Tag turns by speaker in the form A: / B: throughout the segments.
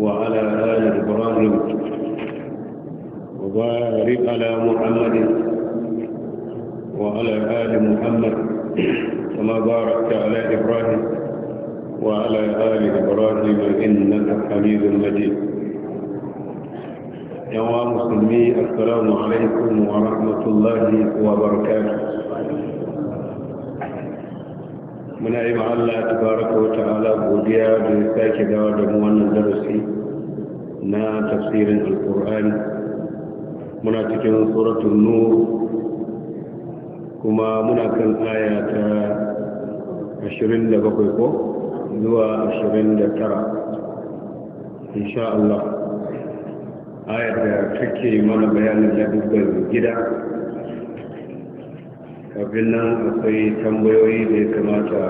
A: وعلى آل إبراهيم وبارك على محمد وعلى آل محمد كما باركت على إبراهيم وعلى آل إبراهيم إنك حميد مجيد يا مسلمي السلام عليكم ورحمة الله وبركاته muna yi Allah tabaraka wa ala godiya da ya sake dawo da mu wannan darasi na tafsirin alkur'ani muna cikin suratul nur kuma muna kan aya ta 27 ko zuwa 29 insha Allah ayar da take mana bayanin da gida abin nan akwai tambayoyi da ya kamata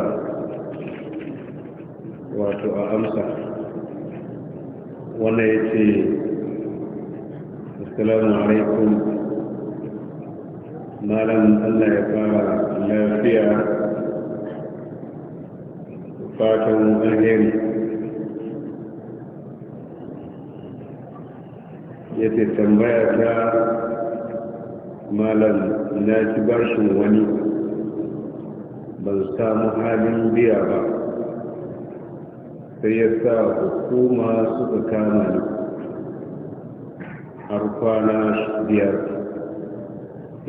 A: wato a amsa wanda ya ce assalamu alaikum malam allah ya fara lafiya fatan alheri ya ce tambaya ta malam na ci bashin wani ban samu halin biya ba sai ya sa hukuma suka kama ni har kwana biyar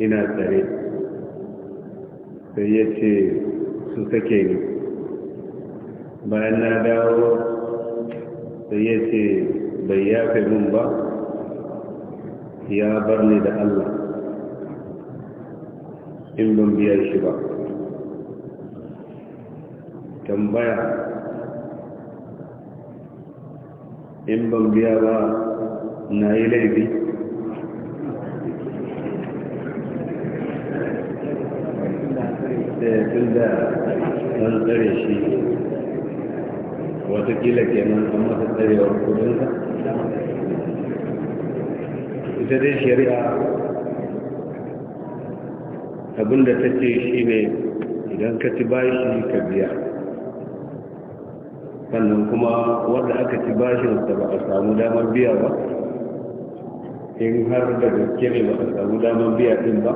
A: ina tsare sai ya ce su sake ni bayan na dawo sai ya ce bai yafe min ba ya bar ni da allah in ban biya shi ba tambaya in ban biya ba na yi laifi eh, tun da an tsare shi watakila kenan an masa tsarewar kudinsa ita dai shari'a abinda ta ce shi ne idan ka ci bashi ka biya sannan kuma wanda aka ci bashinsa ba a samu damar biya ba in har da gaske ne ba a samu damar biya din ba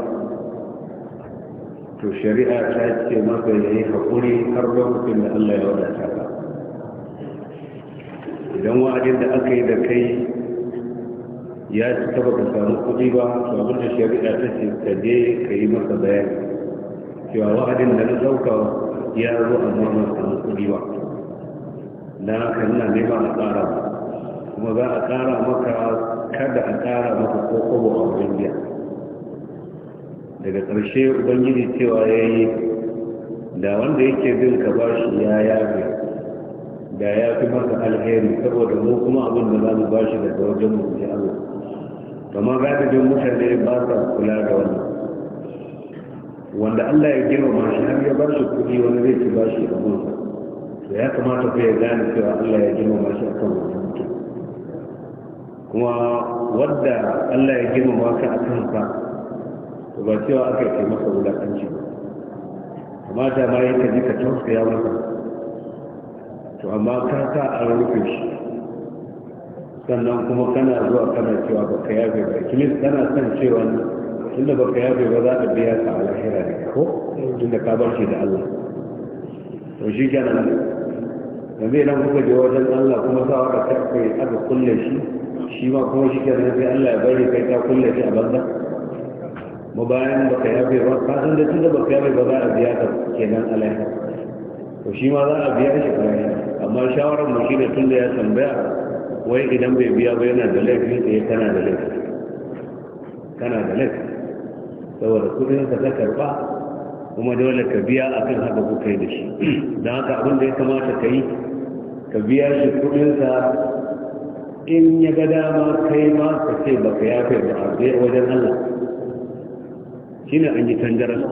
A: to shari'a ta ce masa ya yi haƙuri har lokacin da allah ya wadata ba idan wa'adin da aka yi da kai ya ci taba ka samu kuɗi ba to abin da shari'a ta ce ka je ka yi masa bayani cewa wa'adin da na ɗauka ya zo amma na samu kuɗi ba na haka ina nema a ƙara kuma za a ƙara maka kada a ƙara maka ko kobo a wajen biya daga ƙarshe ubangiji cewa ya yi da wanda yake bin ka bashi ya yafe da ya fi masa alheri saboda mu kuma abin da za mu bashi daga wajen mu Allah domin galibin mutane ba sa kula da wani. wanda Allah ya girmama shi har ya bar shi kuɗi wani zai ci ba shi abin to ya kamata ku ya gane cewa Allah ya girmama shi akan wannan mutum kuma wadda Allah ya girmama ka akan sa to ba cewa aka yi masa wulakanci ba kamata ma yake ji ka tausaya masa to amma ka sa an rufe shi sannan kuma kana zuwa kana cewa ba ka yabe ba kilis kana san cewa inda ba ka yabe ba za a biya ka a ne ko inda ka bar shi da Allah to shi kenan zai nan kuka je wajen Allah kuma sa sawa da kai aka kulle shi shi ma kuma shi kenan sai Allah ya bari kai ta kulle shi a banza mu bayan ba ka yabe ba ka san da tunda ba ka yabe ba za a biya ka kenan a to shi ma za a biya shi a amma shawaran mu shi ne tunda ya tambaya wai idan bai biya ba yana da laifin? sai kana da laifi kana da laifi saboda kudin ka karba kuma dole ka biya akan haka kuka yi da shi don haka abin da ya kamata ka yi ka biya shi kudinsa in ya ga dama kai ma ka ce ba ka yafe ba a zai wajen Allah shi ne an yi tangaran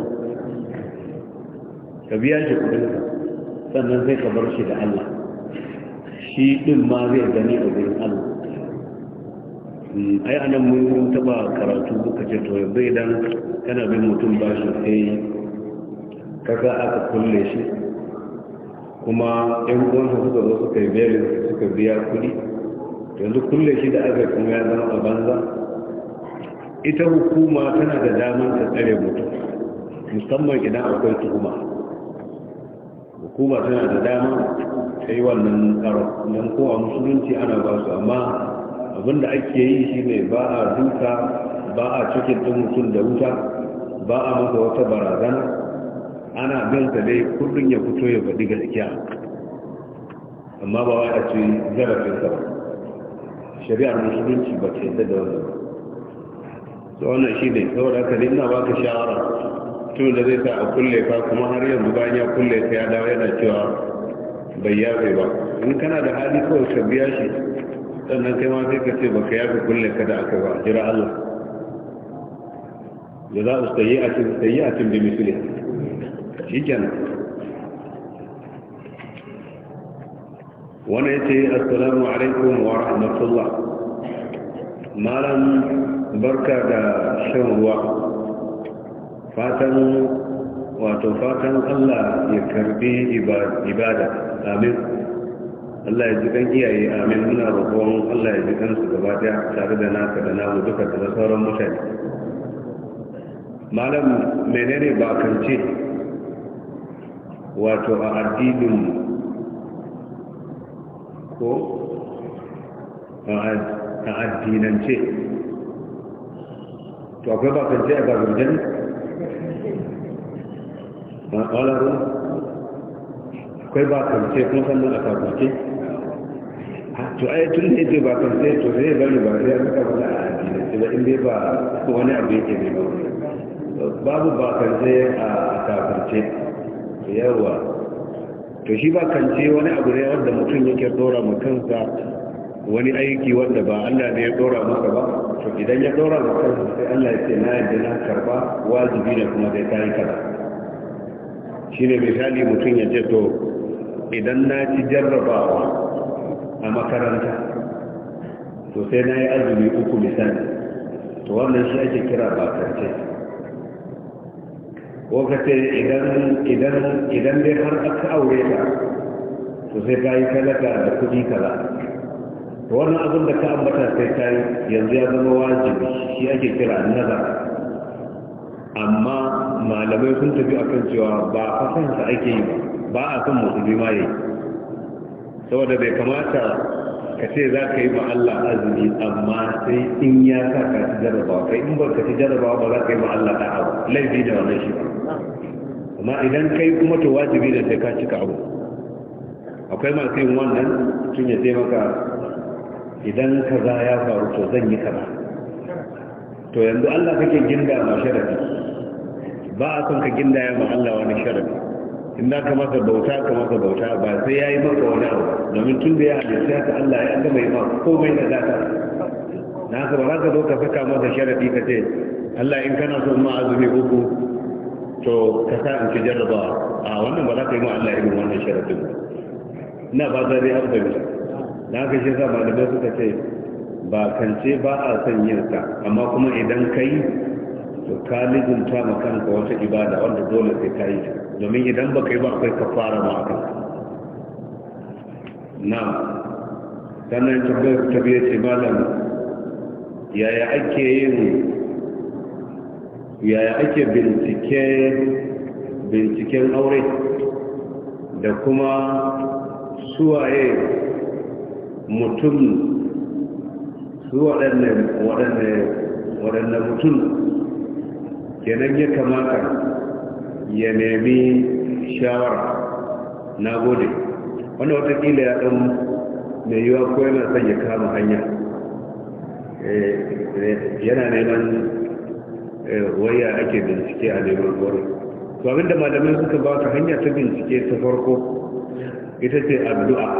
A: ka biya shi kudinsa sannan sai ka bar shi da Allah shi din ma zai gani a gurin Allah hmm, ai anan mun taba karatu muka ce to yanzu idan kana bin mutum ba shi sai kaga aka kulle shi kuma yan uwansa suka zo suka yi belin suka biya kuɗi yanzu kulle shi da aka kuma ya zama a banza ita hukuma tana da damar ta tsare mutum musamman idan akwai tuhuma hukuma tana da dama ta yi wannan karo don ko a musulunci ana ba su amma abinda ake yi shi ne ba a duka ba a cikin ɗin mutum da wuta ba a masa wata barazana ana ganta dai kudin ya fito ya faɗi gaskiya amma ba wai a ce zarafinsa ba shari'ar musulunci ba ta yadda da wani ba wannan shi ne saboda haka ne ina ka shawara mutum da zai sa a kulle ka kuma har yanzu bayan ya kulle ka ya dawo yana cewa bai yafe ba in kana da hali kawai ka biya shi sannan kai ma sai ka ce baka yafe kulle ka da aka ba jira Allah da za su sayi a cin sayi a cin da misali shi kenan wani ya ce assalamu alaikum wa rahmatullah malam barka da shan ruwa fatan wato fatan Allah ya karbi ibada amin Allah ya ji kan iyaye amin muna roƙon Allah ya ji kan su gaba daya tare da naka da namu duka da sauran mutane malam menene ba kance wato a addinin ko a addinance to akwai bakance a bakance ba ƙwararru akwai ba kamce kuma sannan a kafake to ai tun da yake ba kamce to sai bari ba sai an kafa da addini da in dai ba ko wani abu yake ne ba babu ba kamce a kafance yawa to shi ba kamce wani abu ne wanda mutum yake dora mu kansa wani aiki wanda ba Allah ne ya dora maka ba to idan ya dora maka sai Allah ya ce na yadda na karba wajibi da kuma zai kai kaza Shi ne misali mutum ya ce to idan na ci jarrabawa a makaranta to sai na yi azumi uku misali to wannan shi ake kira bakance ko ka ce idan dai har aka aure ta to sai ka yi kalaka da kuɗi kala, to wannan abin da ka ambata sai ta yanzu ya zama wajibi shi ake kira nazara amma malamai sun tafi a kan cewa ba a kansa ake yi ba a kan musulmi ma yi saboda bai kamata ka ce za ka yi ma Allah azumi amma sai in ya sa ka ci jarrabawa kai in ba ka ci jarrabawa ba za ka yi ma Allah da abu laifi da wannan shi amma idan kai kuma to wajibi da sai ka cika abu akwai masu yin wannan tun ya taimaka idan kaza ya faru to zan yi kaza to yanzu Allah kake ginda ma sharafi, ba a son ka ginda ya ma Allah wani sharadi in za ka masa bauta ka masa bauta ba sai ya yi maka wani abu domin tun da ya halitta ka Allah ya gama yi ma komai da zaka na ka ba za ka zo ka saka masa sharafi ka ce Allah in kana son ma azumi uku to ka sa in ci jarrabawa a wannan ba za ka yi ma Allah irin wannan sharafin ba ina ba za dai abu da na ka shi sa malamai suka ce ba kance ba a son yinsa amma kuma idan ka yi to ka lizinta ma kanka wata ibada wanda dole sai ka yi domin idan ba kai yi ba akwai kafara ma a kanka na sannan tabbayar tabbiyar ce malam yaya ake yin yaya ake bincike binciken aure da kuma suwaye mutum su waɗanne mutum kenan ya kamata ya nemi shawara na gode wanda watakila ya ɗan mai yiwa ko yana son ya kama hanya eh, yana neman eh, waya ake bincike a neman gori to abinda malamai suka ba ka hanya ta bincike ta farko
B: ita ce addu'a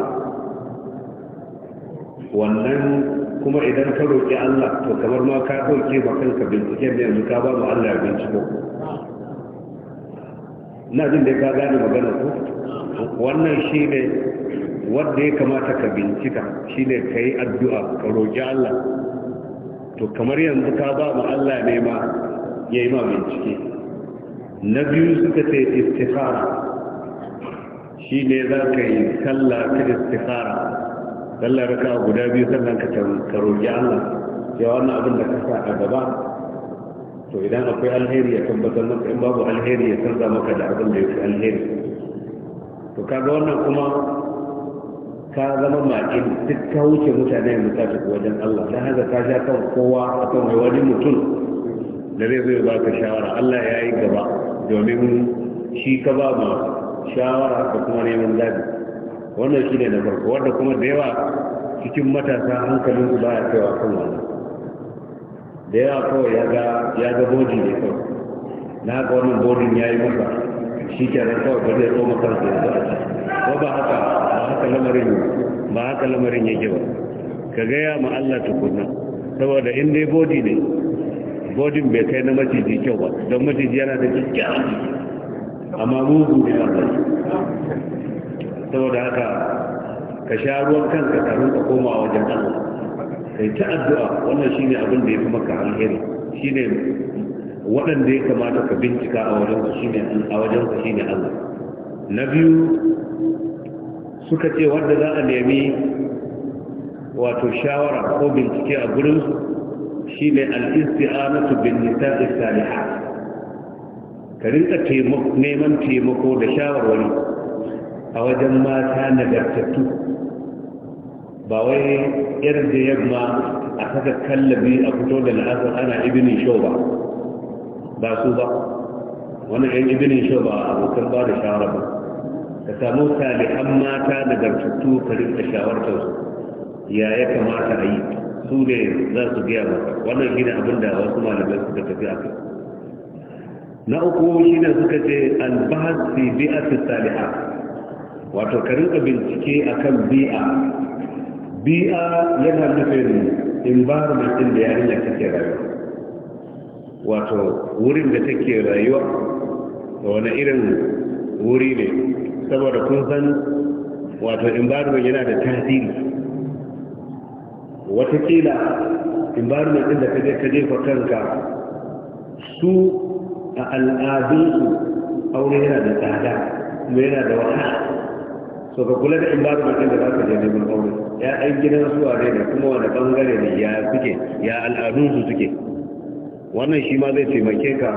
A: wannan kuma idan ka roƙi Allah to kamar ma ka ɗauke ba kanka binciken ne yanzu ka ba mu Allah ya binciko na jin da ka gane magana ko wannan shi ne wanda ya kamata ka bincika shi ne ka yi addu'a ka roƙi Allah to kamar yanzu ka ba mu Allah ne ma ya yi ma bincike na biyu suka ce istikhara shi ne za ka yi sallah ta istikhara sallar raka guda biyu sannan ka roƙi Allah cewa wannan abin da ka sa a gaba to idan akwai alheri ya tabbatar maka in babu alheri ya canza maka da abin da ya fi alheri to kaga wannan kuma ka zama makin duk ka wuce mutane yanzu tafi wajen Allah dan haka ka sha kan kowa kan mai wani mutum da zai zai ba ka shawara Allah ya yi gaba domin shi ka ba ma shawara ka kuma neman zabi wannan ne na farko wanda kuma da yawa cikin matasa hankalin su a cewa kan wannan da yawa kawai ya ga ya ga boji ne kawai na ga wannan bodin yi masa shi nan kawai ba zai tsoma kansa ya zo ko ba haka ba haka lamarin ba haka lamarin yake ba ka gaya ma Allah tukunna saboda in dai bodi ne bodin bai kai na maciji kyau ba don maciji yana da kyakkyawa amma mugu ne Allah saboda haka ka sha ruwan kanka ka rinka koma wajen Allah kai ta addu'a wannan shine abin da ya fi maka alheri shine waɗanda ya kamata ka bincika a wajen ka shine a wajen ka shine Allah na biyu suka ce wanda za a nemi wato shawara ko bincike a gurin su. shine al-isti'anatu bin nisa'i salihah ka rinka neman taimako da shawarwari a wajen mata nagartattu ba wai irin da yamma a saka kallabi a fito da la'asar ana ibinin shau ba ba su ba wani yan ibinin shau ba abokan ba da shawara ba ka samu salihan mata nagartattu ka rinka shawartar su ya ya kamata a yi su ne za su biya ba, wannan shi abin da wasu malamai suka tafi a kai na uku shi ne suka ce albahas fi bi'a fi salihan wato ka rinka bincike akan bi'a bi'a yana nufin environment din da yarinya take rayuwa wato wurin da take rayuwa to wani irin wuri ne saboda kun san wato environment yana da tasiri watakila environment din da kaje ka jefa kanka su a al'adunsu aure yana da tsada kuma yana da wahala to ka kula da environment din da za ka je neman aure ya ai gidan su ne kuma wani bangare ne ya suke ya al'adun su suke wannan shi ma zai taimake ka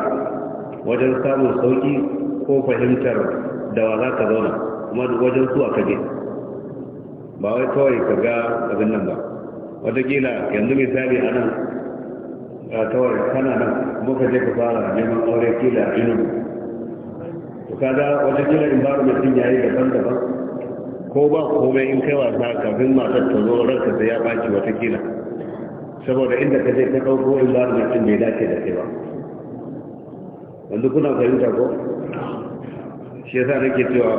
A: wajen samun sauki ko fahimtar da wa za ka zauna kuma wajen su ka je ba wai kawai ka ga abin nan ba wataƙila yanzu misali a nan kawai kana nan muka je ka fara neman aure kila inubu to kaga watakila mutum ya yayi daban-daban ko ba komai in kai wasa kafin matar ta zo ranka sai ya baki wata kila saboda inda ka je ka ɗauko in ba da mutum bai dace da kai ba yanzu kuna fahimta ko shi yasa nake cewa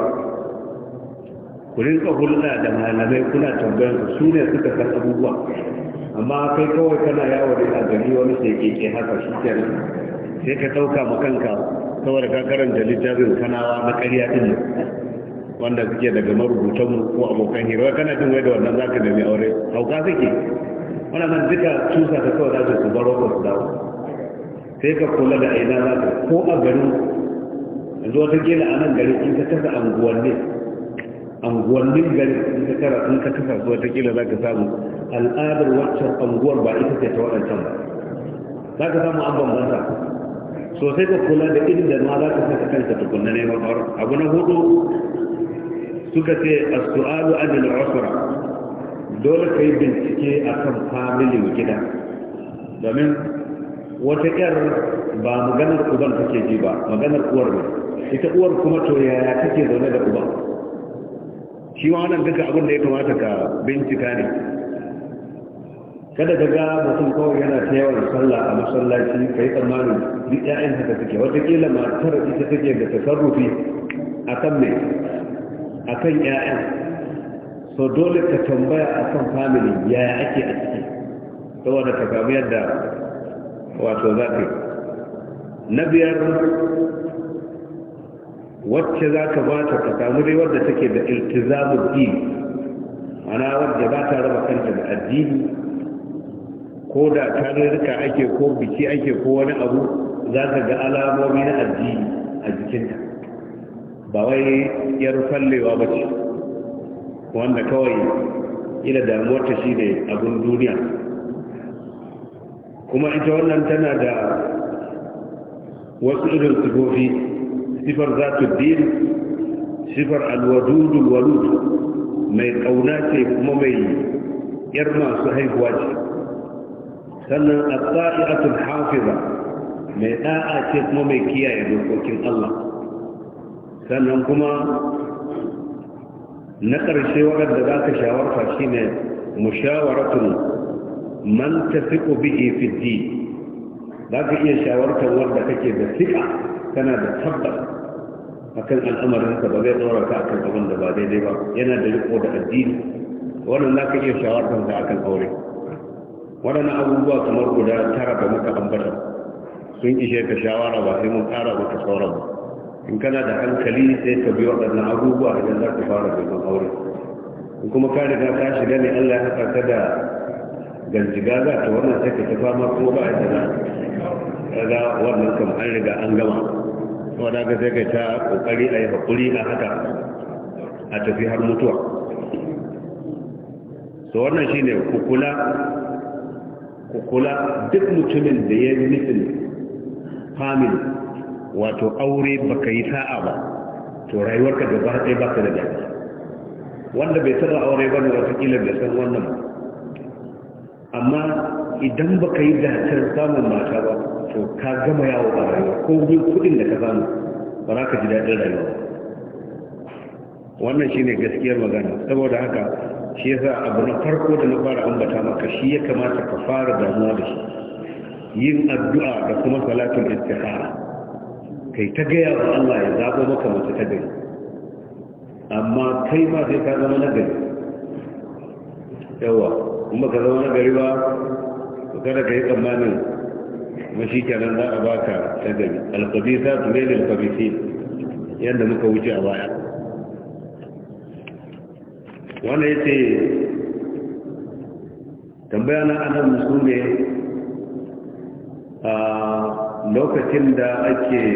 A: ku rinka hulɗa da malamai kuna tambayar su su ne suka san abubuwa amma kai kawai kana yawo da a gari wani sai keke haka shi ke sai ka ɗauka ma kanka saboda ka karanta littafin kanawa na ƙarya ɗin wanda suke daga marubutan mu ko abokan hira kana jin wai da wannan zaka da mai aure hauka suke wannan nan duka tusa ta kawai zaka su baro ka su dawo sai ka kula da aina zaka ko a gari yanzu wata gela a nan garin in ka kasa anguwanni anguwannin gari in ka tara in ka tafi su wata gela zaka samu al'adar waccan anguwar ba ita ce ta waɗancan ba zaka samu an bambanta sosai ka kula da irin da ma za ka saka kanka tukunna neman aure abu na hudu suka ce a sualu an al-usra dole yi bincike akan family gida domin wata ba maganar uban take ji ba maganar uwar ne ita uwar kuma to yaya take zaune da uban shi ma wannan duka abin da ya kamata ka bincika ne kada ka ga mutum kawai yana ta yawan sallah a masallaci ka yi tsammanin duk ƴaƴan haka suke wataƙila matar ita take da tasarrufi a kan mai akan ƴaƴan so dole ka tambaya akan family ya ake a ciki saboda ka samu yadda wato za ka na biyar wacce za ka ba ta kasamu dai wadda take da iltizamu bi ana wadda ba ta raba kanta da addini ko da tarurruka ake ko biki ake ko wani abu za ka ga alamomi na addini a jikinta ba wai yar fallewa ba ce wanda kawai ila damuwar ta shi ne abin duniya kuma ita wannan tana da wasu irin sifofi sifar za ta din sifar alwadudul walud mai kauna ce kuma mai yar masu haihuwa ce sannan a tsa'i'atul hafiza mai da'a ce kuma mai kiyaye dokokin Allah sannan kuma na ƙarshe waɗanda za ka shawarta shi ne mushawaratun man ta fiƙo bihe fiddi za ka iya shawartar wanda kake da fiƙa kana da tabbas akan al'amarinka ba zai ɗora ka a kan abin da ba daidai ba yana da riko da addini wannan za ka iya shawartar ka kan aure waɗannan abubuwa kamar guda tara da muka ambata sun ishe ka shawara ba sai mun ƙara maka sauran ba in kana da hankali sai ka bi waɗannan abubuwa idan za ka fara domin aure in kuma ka riga ka shiga ne allah ya haka da ganjiga za ta wannan sai ka ta fama kuma ba a yi da kaga wannan kam an riga an gama wadda ka sai ka ta kokari a yi haƙuri a haka a tafi har mutuwa so wannan shine kukula kukula duk mutumin da ya yi nufin family wato aure baka yi sa'a ba to rayuwarka gaba ɗaya ba ka da daɗi wanda bai taɓa aure ba ne kila bai san wannan amma idan baka yi dacen samun mata ba to ka gama yawo a rayuwa ko bin kuɗin da ka samu ba za ka ji daɗin rayuwa wannan shine gaskiyar magana saboda haka shi yasa abu na farko da na fara ambata maka shi ya kamata ka fara damuwa da shi yin addu'a da kuma salatul istikhara kai ta gaya wa Allah ya zaɓo maka mace ta gari amma kai ma sai ka zama na gari yawa kuma ka zama na gari ba ka kada ka yi tsammanin mashi kenan za a baka ta gari za su ne da fi yadda muka wuce a baya wanda ya ce tambaya na anan musu ne a lokacin da ake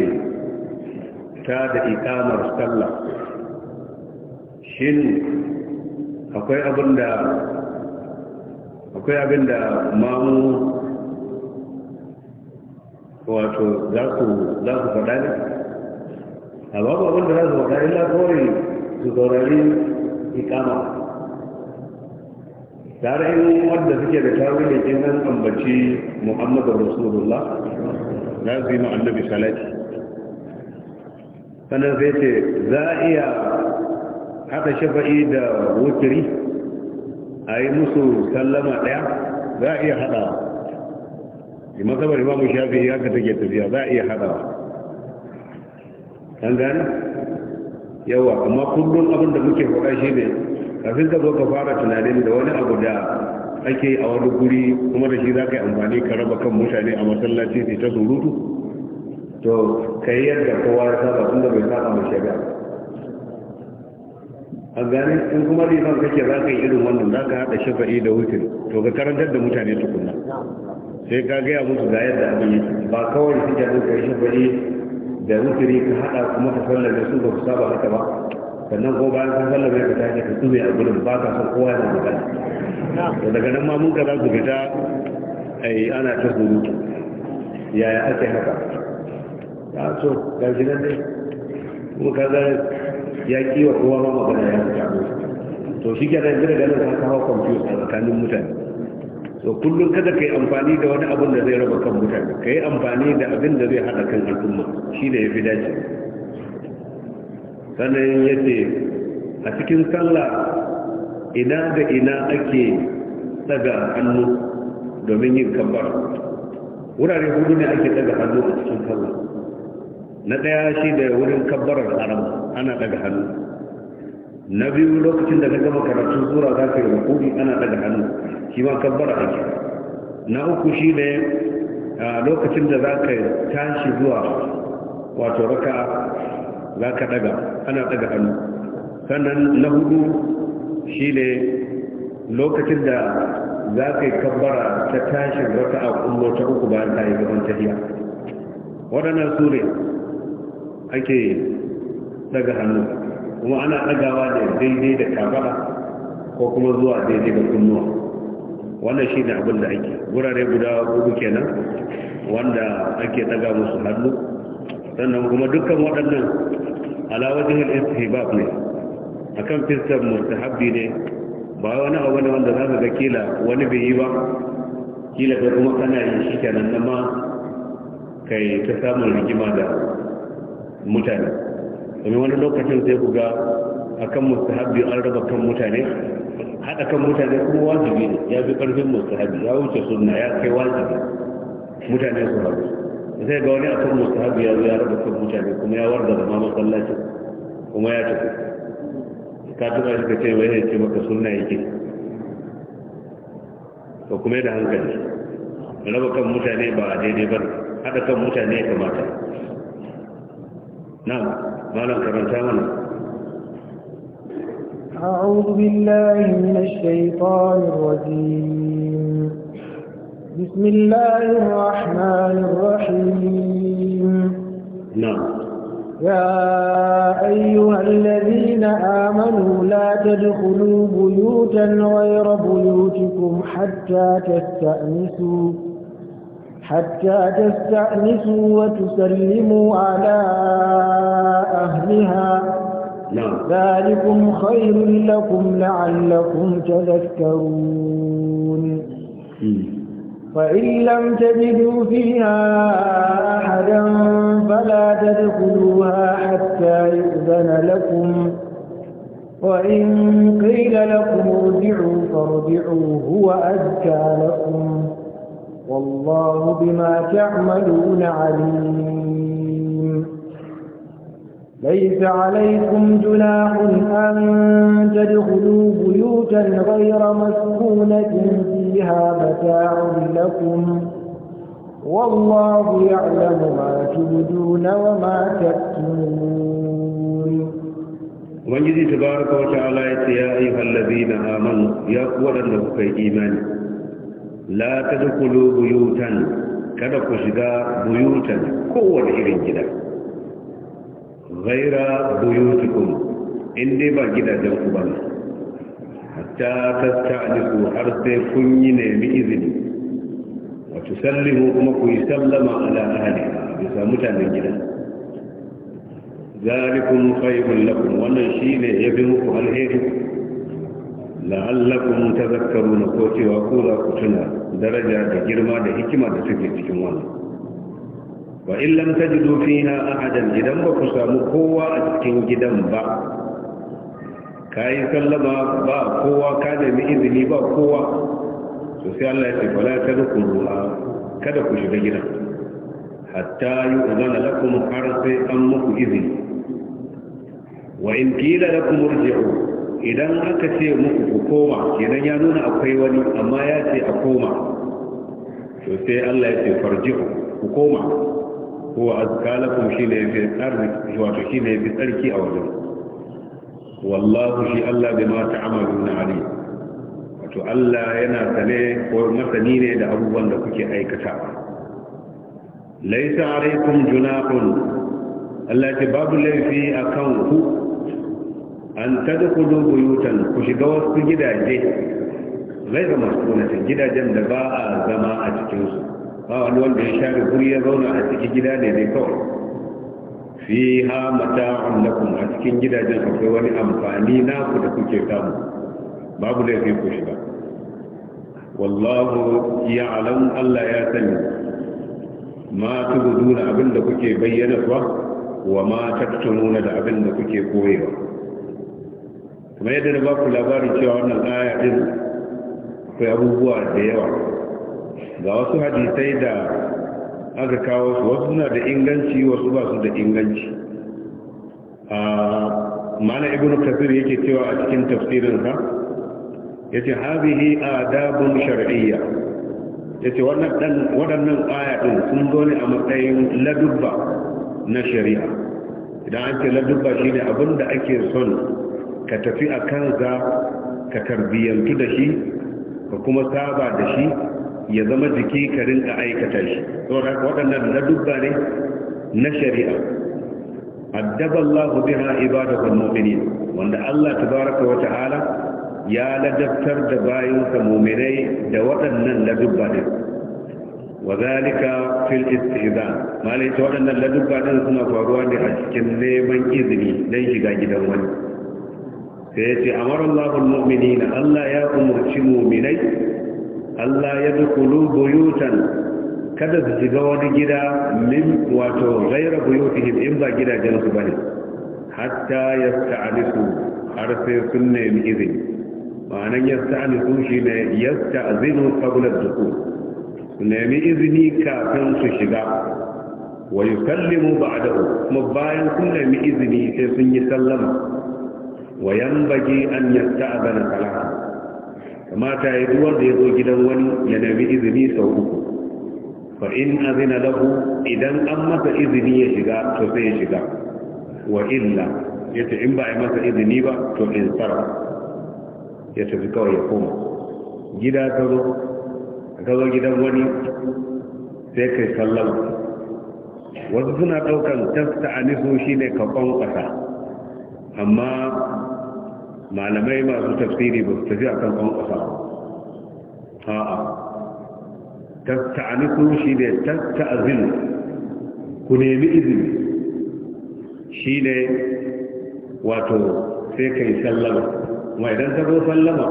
A: ta da ikamar sallah shin akwai abin da akwai abin da mamu wato za ku za ku faɗa ne a babu abin da za su faɗa illa kawai su saurari ikama tare in wanda suke da tawili ke nan ambaci muhammadu rasulullah za su yi ma annabi salati sannan sai ce za a iya haka shafa'i da wukiri a yi musu sallama ɗaya za a iya haɗawa yi matsabar imamu shafi ka take tafiya za a iya haɗawa ɗan gani yawa amma kullum abin da muke faɗa shi ne kafin ka zo ka fara tunanin da wani abu da ake a wani guri kuma da shi za ka yi amfani ka raba kan mutane a masallaci sai ta surutu to kai yadda kowa ya saba tun da bai saba mai shari'a a gani in kuma liman kake za ka yi irin wannan za ka haɗa shafa'i da wutar to ka karantar da mutane tukunna sai ka gaya musu ga yadda abu yi ba kawai suke ka kai shafa'i da wutar ka haɗa kuma ka sallar da su ba ku saba haka ba sannan ko bayan ka sallar ka tashi ka tsube a gudun ba ka san kowa yana magana to daga nan ma mun ka za su fita ai ana ta surutu yaya ake haka ya so gashi shi nan dai kuma ka ga ya kiwa kowa ma magana ya fita to shi ke nan jira nan ka kawo kwamfuta tsakanin mutane so kullum kada ka yi amfani da wani abin da zai raba kan mutane ka yi amfani da abin da zai haɗa kan al'umma shi da ya fi dace sannan ya ce a cikin sallah ina da ina ake tsaga hannu domin yin kambar wurare hudu ne ake tsaga hannu a cikin sallah na ɗaya shi da wurin kabbarar haram ana daga hannu na biyu lokacin da ka gama karatu zura za ka yi rukuri ana daga hannu shi ma kabbara ake na uku shi ne lokacin da za ka tashi zuwa wato raka za ka daga ana daga hannu sannan na hudu shi ne lokacin da za ka yi kabbara ta tashin raka a kullo ta uku bayan ta yi gaban tafiya waɗannan su ne ake daga hannu kuma ana ɗagawa da daidai da kafaɗa ko kuma zuwa daidai da kunnuwa wannan shi ne abin da ake wurare guda uku kenan wanda ake ɗaga musu hannu sannan kuma dukkan waɗannan alawajin al'istihbab ne a kan fiskar mustahabbi ne ba wani abu ne wanda za ka ga kila wani bai yi ba kila ga kuma kana yi shi kenan na kai ta samun rigima da mutane domin wani lokacin sai ku ga akan mustahabi an raba kan mutane haɗa kan mutane kuma wajibi ne ya fi ƙarfin mustahabi ya wuce suna ya kai wajibi mutane su haɗu sai ga wani akan mustahabi ya zo ya raba kan mutane kuma ya warda zama masallaci kuma ya tafi ka tuba shi ka ce wai ya ce maka suna yake ka kuma da hankali raba kan mutane ba daidai ba haɗa kan mutane ya kamata نعم مالا كرمتا منا
C: أعوذ بالله من الشيطان الرجيم بسم الله الرحمن الرحيم نعم يا أيها الذين آمنوا لا تدخلوا بيوتا غير بيوتكم حتى تستأنسوا حتى تستأنسوا وتسلموا على أهلها نعم ذلكم خير لكم لعلكم تذكرون فإن لم تجدوا فيها أحدا فلا تدخلوها حتى يؤذن لكم وإن قيل لكم ارجعوا فارجعوا هو أزكى لكم والله بما تعملون عليم ليس عليكم جناح أن تدخلوا بيوتا غير مسكونة فيها متاع لكم والله يعلم ما تبدون وما تكتمون
A: ونجد تبارك وتعالى يا أيها الذين آمنوا يا أولا amanu ya la dukulu buyutan kada ku shiga buyutan kowane irin gida ghaira buyutikum in dai ba gidajen ku ba hatta tasta'nisu har sai kun yi nemi izini wa tusallimu kuma ku yi sallama ala ahli bisa mutanen gida zalikum khayrun lakum wannan shine yafi muku alheri la'allakum tazakkaruna ko cewa ko za ku tuna daraja da girma da hikima da suke cikin wannan wa in lam tajidu fiha ahadan idan ba ku samu kowa a cikin gidan ba kayi sallama ba kowa ka nemi izini ba kowa to sai Allah ya ce fala tadkhuluha kada ku shiga gidan hatta yu'zana lakum har sai an muku izini wa in qila lakum irji'u idan aka ce muku ku koma idan ya nuna akwai wani amma ya ce a koma to sai Allah ya ce farji ku koma ko azkalakum shine yafi tsarki wato shine yafi tsarki a wajen wallahu shi Allah bima ta'maluna alim wato Allah yana sane ko masani ne da abubuwan da kuke aikatawa laisa alaikum junahun Allah ya ce babu laifi akan ku an tadkhulu buyutan ku shiga wasu gidaje ghayra maskunatin gidajen da ba a zama a cikin su ba wani wanda ya share guri ya zauna a cikin gida ne dai kawai fiha mata'un lakum a cikin gidajen akwai wani amfani naku da kuke samu babu da ku shiga wallahu alam Allah ya sani ma abin da kuke bayyana wa ma taktumuna da abinda kuke koyewa kuma yadda na baku labarin cewa wannan aya din akwai abubuwa da yawa ga wasu hadisai da aka kawo su wasu suna da inganci wasu ba su da inganci a mana ibn kafir yake cewa a cikin tafsirinsa yace hadhihi adabun shar'iyya yace wannan dan waɗannan aya din sun zo ne a matsayin ladubba na shari'a idan an ce ladubba shine abin da ake son ka tafi a kansa ka tarbiyyantu da shi ka kuma saba da shi ya zama jiki ka rinka aikata shi waɗannan na dubba ne na shari'a addaballahu biha ibadatul mu'minin wanda Allah tabaraka wa ta'ala ya ladaftar da bayinsa mu'minai da waɗannan na dubba ne wa zalika fil istizan malai ta waɗannan ladubba din suna faruwa ne a cikin neman izini don shiga gidan wani sai ya ce amara Allahul na Allah ya umarci mu'minai Allah ya kulu buyutan kada su shiga wani gida min wato ghaira buyutihim in ba gidajen su bane hatta yasta'anisu har sai sun nemi izini ma'anan ne ya sta'azinu qabla duku. su nemi izini kafin su shiga wa a ba'dahu kuma bayan sun nemi izini sai sun yi sallama wa yanbaghi an yasta yasta'zana talaka kamata ya duwar da ya zo gidan wani ya nemi izini sau uku fa in azina lahu idan an masa izini ya shiga to sai ya shiga wa illa yace in ba a masa izini ba to in sarra ya tafi kawai ya koma gida ka zo ka zo gidan wani
B: sai kai sallama
A: wasu suna daukan tasta aniso shine ka kwankwasa amma malamai masu tafsiri ba su tafi a kan a ƙasa a'a tatta'aniku shi ne tatta'azin ku nemi izini shi ne wato sai ka yi sallama ma idan ta zo sallama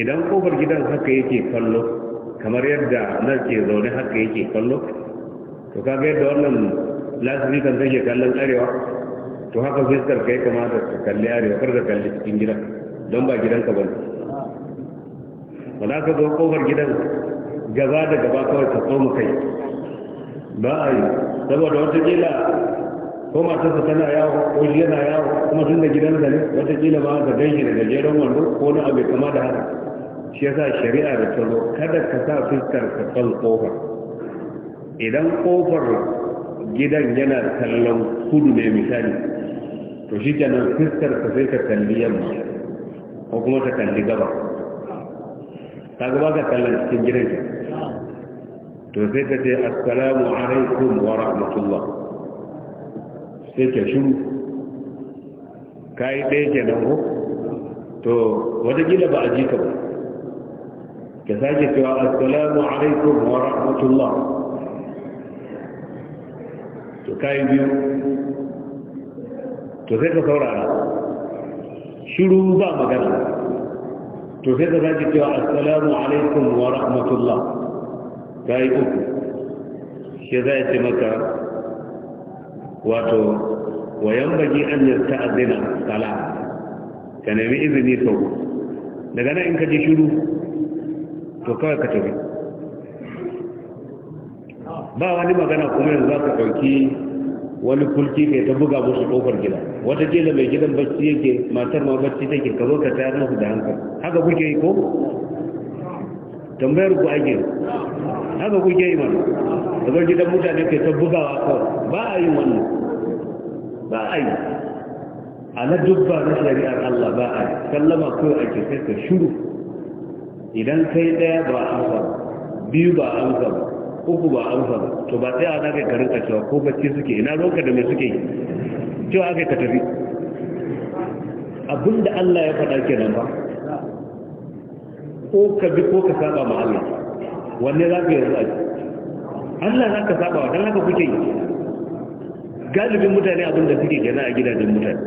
A: idan kofar gidan haka yake kallo kamar yadda nan ke zaune haka yake kallo to kaga yadda wannan lasirikan ke kallon arewa to haka fiskar kai kamata ka kalli arewa kar da kalli cikin gidan don ba gidanka ba ne ba ka zo kofar gidan gaba da gaba kawai ka tsoma kai ba a yi saboda wata kila ko masu su tana yawo ko shi yana yawo kuma tun da gidansa ne wata kila ma ka ganshi da gajeren wando ko na abu kama da haka shi yasa shari'a da tsoro kada ka sa fuskar ka tsan kofar idan kofar gidan yana kallon kudu ne misali to shi kenan fiskar ka sai ka kalli yamma ko kuma ka kalli gaba ta gaba ka kallon cikin gidan ka to sai ka ce assalamu alaikum wa rahmatullah sai ka shiru kai dai ke nan ko to gida ba a ji ka ba ka sake cewa assalamu alaikum wa rahmatullah kayi biyu to sai ka saurara shiru ba magana to sai ka zaki cewa assalamu alaikum wa rahmatullah kayi uku shi za ce maka wato wayan baki an yi ta'azina sala ka nemi izini sau daga nan in ka ji shiru to kawai ka tafi ba wani magana kuma yanzu za ka ɗauki wani kulki kai ta buga musu kofar gida wata kila mai gidan bacci yake matar ma bacci take ka zo ka tayar musu da hankali haka kuke yi ko tambayar ku ake haka kuke yi mana da zo gidan mutane kai ta buga bugawa kawai ba a yi wannan ba a yi a na dubba na shari'ar Allah ba a yi sallama kawai ake sai ka shuru idan kai daya ba an biyu ba an ba uku ba amsa ba to ba sai ana kai karin cewa ko bacci suke ina roka da me suke cewa aka ka tafi abinda Allah ya faɗa kenan ba ko ka bi ko ka saba ma Allah wanne za ka yanzu aji Allah za ka saba wa dan haka kuke galibin mutane abinda suke gana a gidajen mutane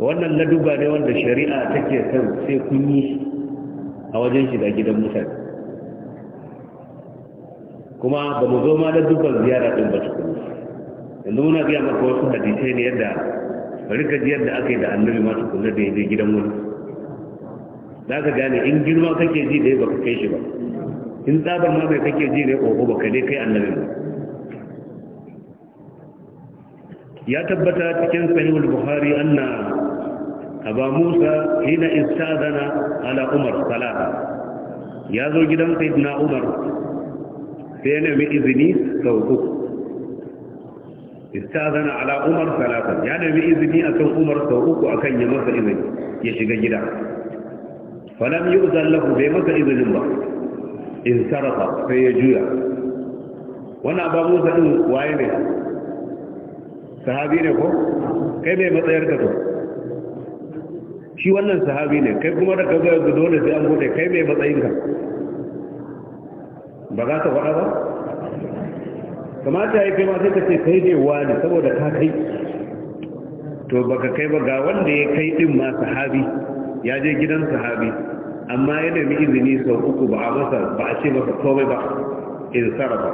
A: wannan laduba ne wanda shari'a take son sai kun yi a wajen shiga gidan mutane kuma ba mu zo ma da dubban ziyara din ba tukun yanzu muna gaya maka wasu hadisai ne yadda rika ji yadda aka yi da annabi ma tukun da ya gidan wani za ka gane in girma kake ji da ya baka kai shi ba in tsabar ma mai kake ji ne ƙoƙo baka dai kai annabi ba ya tabbata cikin sahihul buhari anna aba musa hina istazana ala umar salaha ya zo gidan sayyidina umar sai ya nemi izini sau uku istazana ala umar salatan ya nemi izini akan umar sau uku akan ya masa izini ya shiga gida falam yu'zan lahu bai masa izinin ba in sarrafa, sai ya juya Wani ba musa din waye ne sahabi ne ko kai mai matsayar ka to shi wannan sahabi ne kai kuma da ka zo yanzu dole sai an bude kai mai matsayin ka ba za ka faɗa ba kamata ya kai ma sai ka ce kai ne wani saboda ka kai to baka kai ba ga wanda ya kai din ma sahabi ya je gidan sahabi amma ya nemi izini sau uku ba a masa ba a ce masa komai ba in sarrafa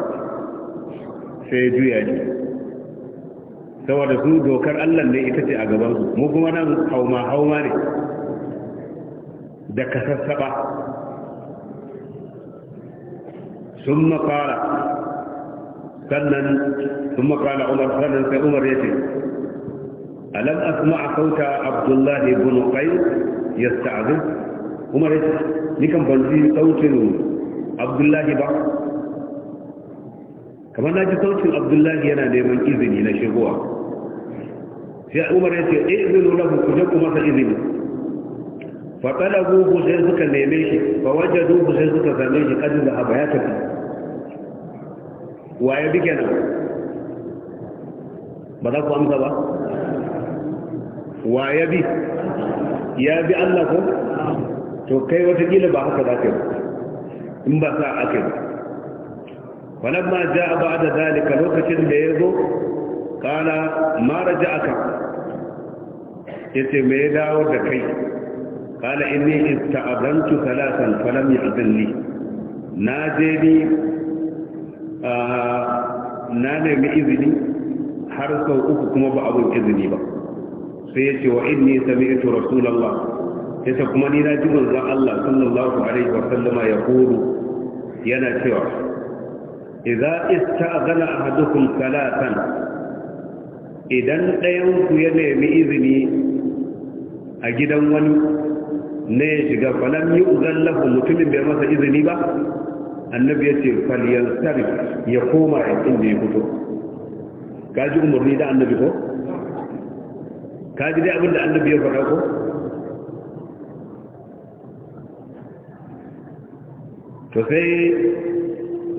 A: sai ya juya ne saboda su dokar allah ne ita ce a gabansu mu kuma nan hauma hauma ne da sassaɓa. ثم قال سنن ثم قال عمر سنن عمر يتي ألم أسمع صوت عبد الله بن قيس يستعذب عمر يتي لكم بنزي صوت عبد الله با كما نجي صوت عبد الله ينا نيمان إذني لشغوة sai umar ya ce izinu lahu ku je ku masa izini fa talabu sai suka neme shi fa wajadu sai suka same shi kadin da haba ya tafi waye bi kenan ba za ku amsa ba waye bi ya bi Allah ko to kai watakila ba haka za ka yi in ba sa aka yi ولما جاء بعد ذلك الوقت اللي يزو قال ما رجعك yace me ya dawo da kai kala inni ista'adantu salatan falam yu'dhilli na je ni na nemi izini har sau uku kuma ba abin izini ba sai ya ce wa inni rasulallah ya ta kuma ni na ji Allah sallallahu alaihi wa sallama ya kuru yana cewa gana a hadukun salatan idan ɗayanku ya nemi izini a gidan wani ne ya shiga falon yi uzan lahu mutumin bai masa izini ba annabi ya ce sari ya koma a inda ya fito kaji umarni da annabi ko kaji dai abin da annabi ya faɗa ko to sai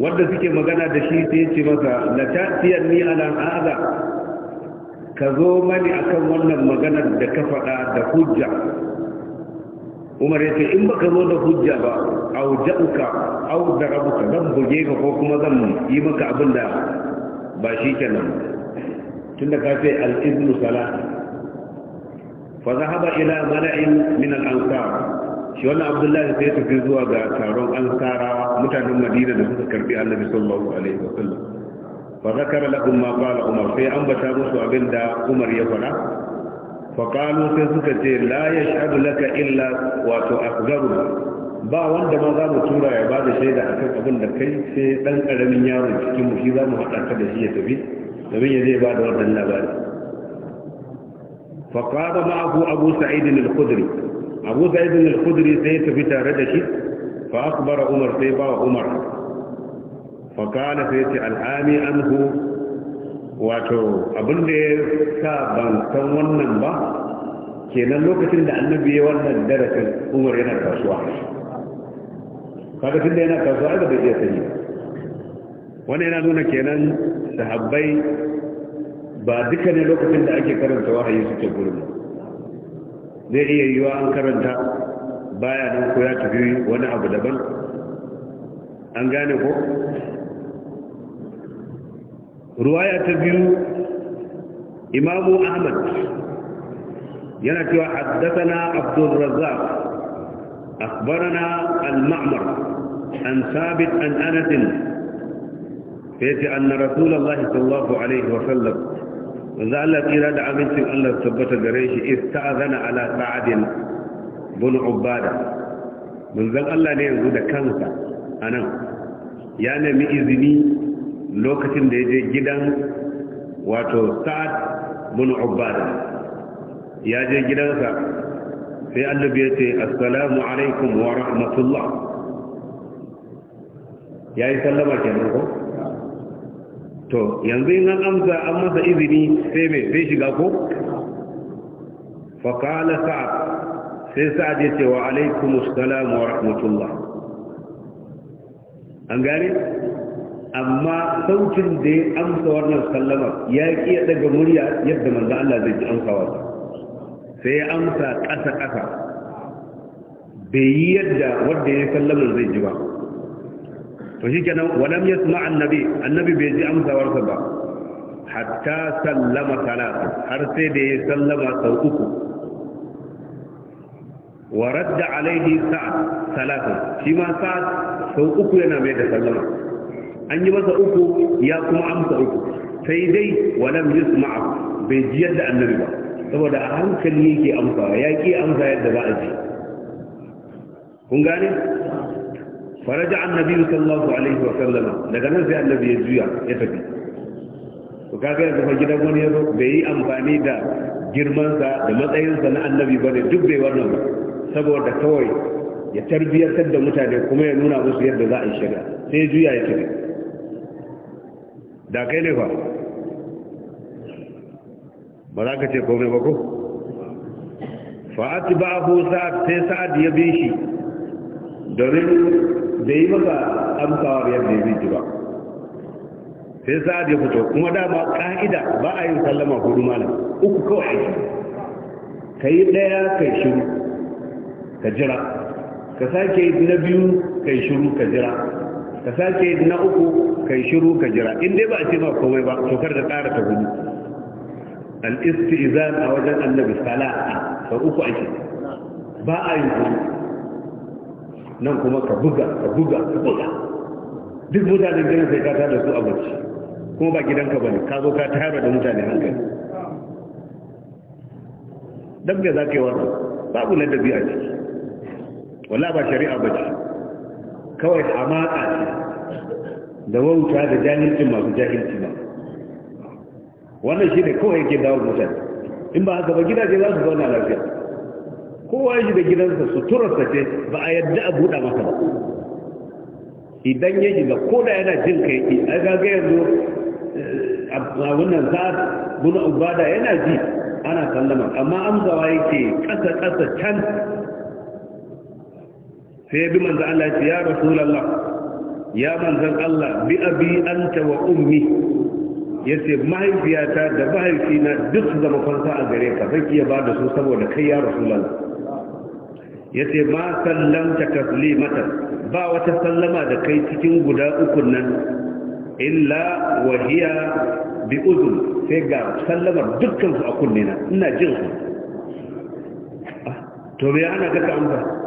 A: wanda suke magana da shi sai ce masa ta siyan ni nan hada ka zo mani akan wannan maganar da ka faɗa da hujja umar ya ce in baka zo da hujja ba au ja'uka au rabuka zan buge ka ko kuma zan yi maka abin da ba shi kenan tunda ka ce al-ibnu salat fa zahaba ila mala'in min al-ansar shi wannan abdullahi sai tafi zuwa ga taron ansara mutanen madina da suka karbi annabi sallallahu alaihi wasallam fa zakara lahum ma qala umar sai ambata musu abin da umar ya faɗa faƙalu sai suka ce la ya shaɗu laka illa wato asgaru ba wanda ma za mu tura ya ba da shaida a kan abin da kai sai ɗan ƙaramin yaron cikin mu shi za mu haɗa ka da shi ya tafi domin ya zai ba da wannan labari faƙaɗa ma abu abu sa'idin al-khudri abu sa'idin al-khudri sai ya tafi tare da shi fa akbara umar sai ba wa umar faƙala sai ce al'ami anhu wato abin da ya sa ban san wannan ba kenan lokacin da annabi ya wannan darasin umar yana kasuwa kaga tunda yana kasuwa da bai iya sani Wani yana nuna kenan sahabbai ba duka ne lokacin da ake karanta wahayi suke gurin zai iya yiwa an karanta baya nan ko ya tafi wani abu daban an gane ko ruwaya ta biyu imamu ahmad yana cewa haddathana abdul razzaq akhbarana al-ma'mar an sabit an anas fayati anna rasulullahi sallallahu alaihi wa sallam wanda Allah tsira da amincin Allah tabbata gare shi ista'zana ala sa'adin bin ubada manzon Allah ne yanzu da kansa anan ya nemi izini lokacin da ya je gidan wato sa'ad bin ubada ya je gidansa sai annabi ya ce assalamu alaikum wa rahmatullah ya yi sallama kenan ko to yanzu in an amsa an masa izini sai mai sai shiga ko faƙala sa'ad sai sa'ad ya ce wa alaikumus salam wa rahmatullah an gane amma saukin da ya amsa wannan sallama ya ƙi ya daga murya yadda manzo Allah zai ji amsa wa sai ya amsa ƙasa ƙasa bai yi yadda wanda ya sallama zai ji ba to shikenan walam yasma annabi annabi bai ji amsa amsawarsa ba hatta sallama talata har sai da ya sallama sau uku wa radda alaihi sa'a talata shi ma sa'a sau uku yana mai da sallama an yi masa uku ya kuma amsa uku sai dai walam yusma'a bai ji yadda annabi ba saboda a hankali yake amsawa ya ki amsa yadda ba a ji kun gane faraja annabi sallallahu alaihi wa sallam daga nan sai annabi ya juya ya tafi to kaga yanzu fa gidan wani yazo bai yi amfani da girmansa da matsayinsa na annabi ba ne duk bai wannan ba saboda kawai ya tarbiyyar da mutane kuma ya nuna musu yadda za a yi shiga sai juya ya tafi da kai ne ba ba za ka ce komai ba ko fa'ati ba abu sa'ad sai sa'ad ya bin shi domin da yi maka amsawa yadda ya bi ba sai sa'ad ya fito kuma dama ka'ida ba a yin sallama hudu malam uku kawai shi ka yi ɗaya ka yi shiru ka jira ka sake na biyu ka yi shiru ka jira ka sake na uku kai shiru ka jira in dai ba a ce ma komai ba to kar da ƙara ta gudu al-istizan a wajen annabi sala'a ta uku ake ba a yi gudu nan kuma ka buga ka buga ka buga duk mutanen gidan sai ka tada su a bacci kuma ba gidanka ba ne ka zo ka tara da mutane hankali dabga za ka yi wannan babu ladabi a ciki wala ba shari'a ba ce kawai da amata ce da wauta da jahilci masu jahilci ba wannan shi ne kawai yake dawo mutane in ba haka ba gidaje za su zauna lafiya kowa ya shi da gidansa suturarsa ce ba a yadda a buɗa masa ba idan ya shiga ko da yana jin kai a gaga yanzu eh, a wannan sa'ad guna ubada yana ji ana sallama amma amsawa yake ƙasa ƙasa can sai bi manzo Allah ya ce ya rasulullah ya manzon Allah bi abi anta wa ummi yace mahaifiyata da mahaifina duk su zama fansa a gare ka zan iya bada su saboda kai ya rasulullah yace ma sallamta taslimatan ba wata sallama da kai cikin guda ukun nan illa wahiya bi uzun sai ga sallamar dukkan su a kunnena ina jin su ah, to me ana ga ka amsa